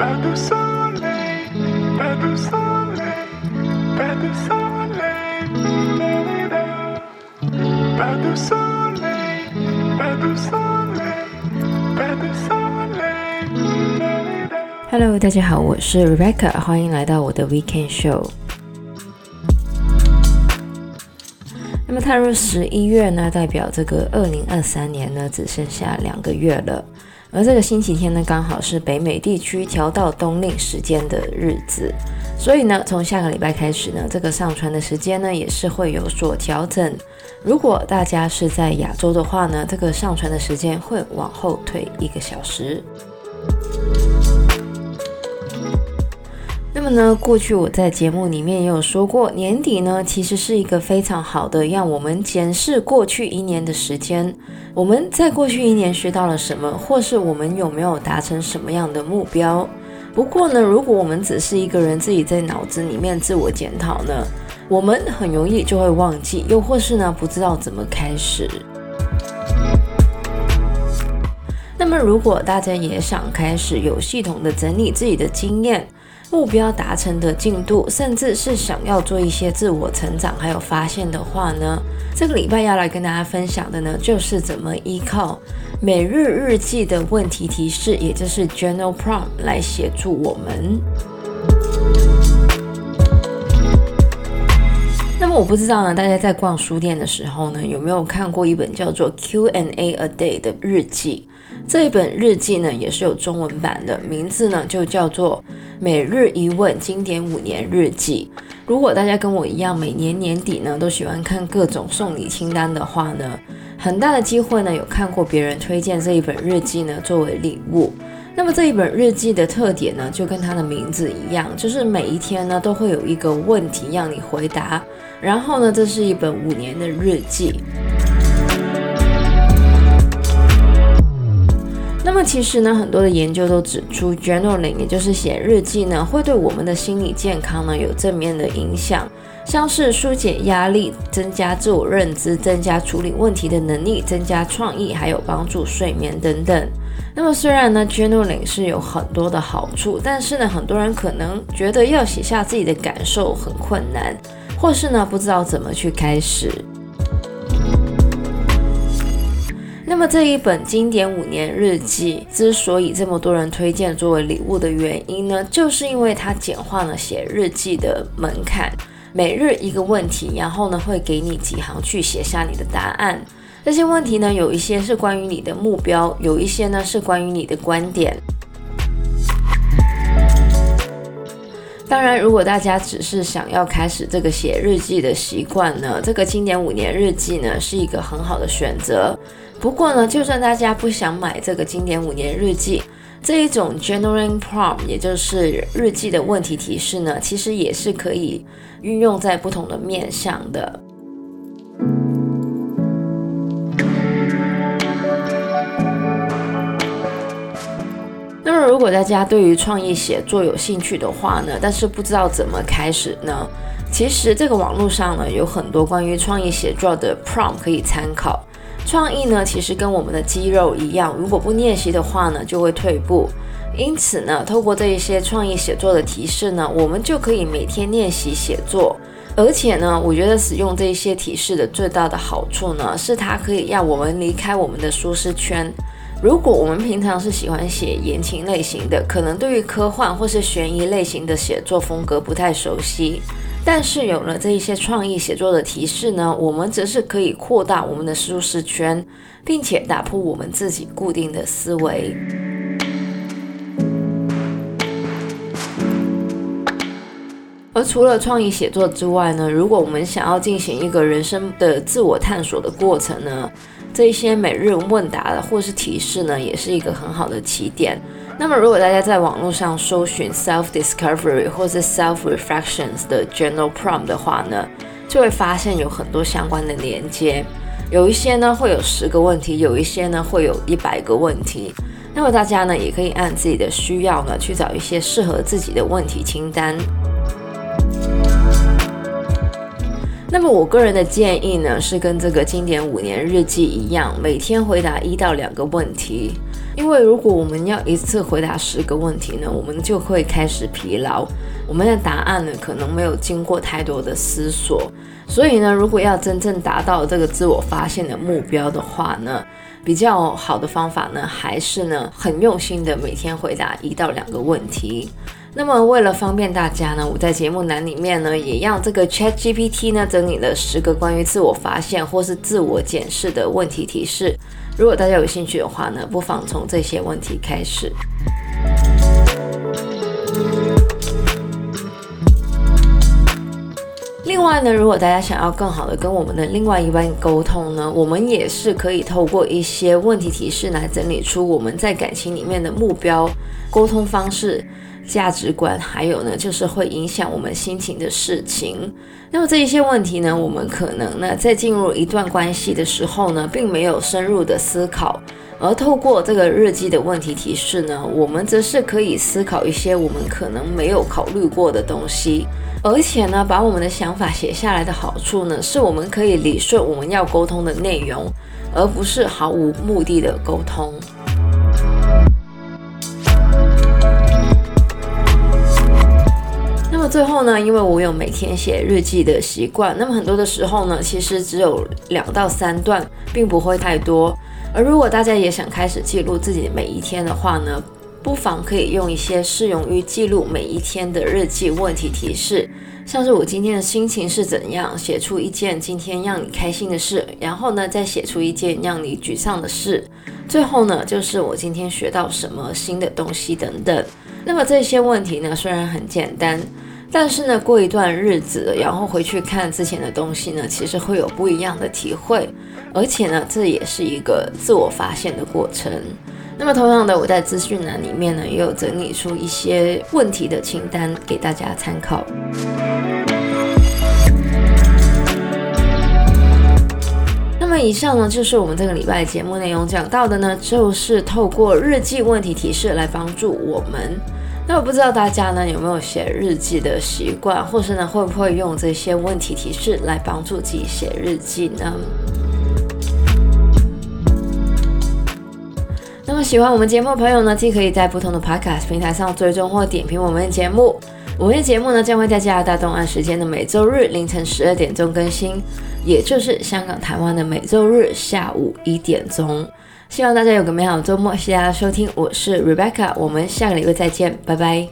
Hello，大家好，我是 Rebecca，歡迎來到我的 Weekend Show。那麼踏入十一月呢，代表這個二零二三年呢，只剩下兩個月了。而這個星期天呢，剛好是北美地區調到冬令時間的日子，所以呢，從下個禮拜開始呢，這個上傳的時間呢，也是會有所調整。如果大家是在亞洲的話呢，這個上傳的時間會往後推一個小時。呢？過去我在節目裡面也有說過，年底呢，其實是一個非常好的讓我們檢視過去一年的時間。我們在過去一年學到了什麼，或是我們有沒有達成什麼樣的目標？不過呢，如果我們只是一個人自己在腦子裡面自我檢討呢，我們很容易就會忘記，又或是呢，不知道怎麼開始。那麼，如果大家也想開始有系統的整理自己的經驗，目標達成的進度，甚至是想要做一些自我成長還有發現的話呢，這個禮拜要來跟大家分享的呢，就是怎麼依靠每日日記的問題提示，也就是 Journal Prompt 來協助我們。 那麼我不知道呢，大家在逛書店的時候呢，有沒有看過一本叫做 Q and A a Day 的日記？這一本日記呢，也是有中文版的，名字呢就叫做。每日一問，經典五年日記。如果大家跟我一樣，每年年底呢都喜歡看各種送禮清單的話呢，很大的機會呢有看過別人推薦這一本日記呢作為禮物。那麼這一本日記的特點呢就跟它的名字一樣，就是每一天呢都會有一個問題讓你回答，然後呢這是一本五年的日記。那麼其實呢，很多的研究都指出，journaling，也就是寫日記呢，會對我們的心理健康呢有正面的影響，像是紓解壓力、增加自我認知、增加處理問題的能力、增加創意，還有幫助睡眠等等。那麼雖然呢，journaling 是有很多的好處，但是呢，很多人可能覺得要寫下自己的感受很困難，或是呢不知道怎麼去開始。那麼這一本經典五年日記之所以這麼多人推薦作為禮物的原因呢，就是因為它簡化了寫日記的門檻。每日一個問題，然後呢會給你幾行去寫下你的答案。這些問題呢有一些是關於你的目標，有一些呢是關於你的觀點。當然，如果大家只是想要開始這個寫日記的習慣呢，這個經典五年日記呢是一個很好的選擇。不過呢，就算大家不想買這個經典五年日記，這一種 general prompt，也就是日記的問題提示呢，其實也是可以運用在不同的面向的。嗯。那麼，如果大家對於創意寫作有興趣的話呢，但是不知道怎麼開始呢？其實這個網絡上呢，有很多關於創意寫作的 prompt 可以參考。創意呢，其實跟我們的肌肉一樣，如果不練習的話呢，就會退步。因此呢，透過這些創意寫作的提示呢，我們就可以每天練習寫作。而且呢，我覺得使用這些提示的最大的好處呢，是它可以讓我們離開我們的舒適圈。如果我們平常是喜歡寫言情類型的，可能對於科幻或是懸疑類型的寫作風格不太熟悉。但是有了這一些創意寫作的提示呢，我們則是可以擴大我們的舒適圈，並且打破我們自己固定的思維。而除了創意寫作之外呢，如果我們想要進行一個人生的自我探索的過程呢，這一些每日問答的或是提示呢，也是一個很好的起點。那麼，如果大家在網絡上搜尋 self discovery 或者 self reflections 的 general prompt 的話呢，就會發現有很多相關的連接，有一些呢會有十個問題，有一些呢會有一百個問題。那麼大家呢也可以按自己的需要呢去找一些適合自己的問題清單。那麼我個人的建議呢是跟這個經典五年日記一樣，每天回答一到兩個問題。因為如果我們要一次回答十個問題呢，我們就會開始疲勞，我們的答案呢可能沒有經過太多的思索，所以呢，如果要真正達到這個自我發現的目標的話呢，比較好的方法呢，還是呢很用心的每天回答一到兩個問題。那麼為了方便大家呢，我在節目欄裡面呢，也讓這個 ChatGPT 呢整理了十個關於自我發現或是自我檢視的問題提示。如果大家有興趣的話呢，不妨從這些問題開始。另外呢，如果大家想要更好的跟我們的另外一半溝通呢，我們也是可以透過一些問題提示來整理出我們在感情裡面的目標。溝通方式、價值觀，還有呢，就是會影響我們心情的事情。那麼這一些問題呢，我們可能呢，在進入一段關係的時候呢，並沒有深入的思考。而透過這個日記的問題提示呢，我們則是可以思考一些我們可能沒有考慮過的東西。而且呢，把我們的想法寫下來的好處呢，是我們可以理順我們要溝通的內容，而不是毫無目的的溝通。最後呢，因為我有每天寫日記的習慣，那麼很多的時候呢，其實只有兩到三段，並不會太多。而如果大家也想開始記錄自己每一天的話呢，不妨可以用一些適用於記錄每一天的日記問題提示，像是我今天的心情是怎樣？寫出一件今天讓你開心的事，然後呢，再寫出一件讓你沮喪的事，最後呢就是我今天學到什麼新的東西等等。那麼這些問題呢，雖然很簡單。但是呢，過一段日子，然後回去看之前的東西呢，其實會有不一樣的體會，而且呢，這也是一個自我發現的過程。那麼，同樣的，我在資訊欄裡面呢，也有整理出一些問題的清單給大家參考。那麼，以上呢，就是我們這個禮拜節目內容講到的呢，就是透過日記問題提示來幫助我們。那我不知道大家呢有沒有寫日記的習慣，或是呢會不會用這些問題提示來幫助自己寫日記呢？那麼喜歡我們節目的朋友呢，既可以在不同的 Podcast 平台上追蹤或點評我們的節目。我們的節目呢，將會在加拿大東岸時間的每週日凌晨十二點鐘更新，也就是香港、台灣的每週日下午一點鐘。希望大家有個美好的週末。謝謝大家收聽，我是 Rebecca，我們下個禮拜再見，拜拜。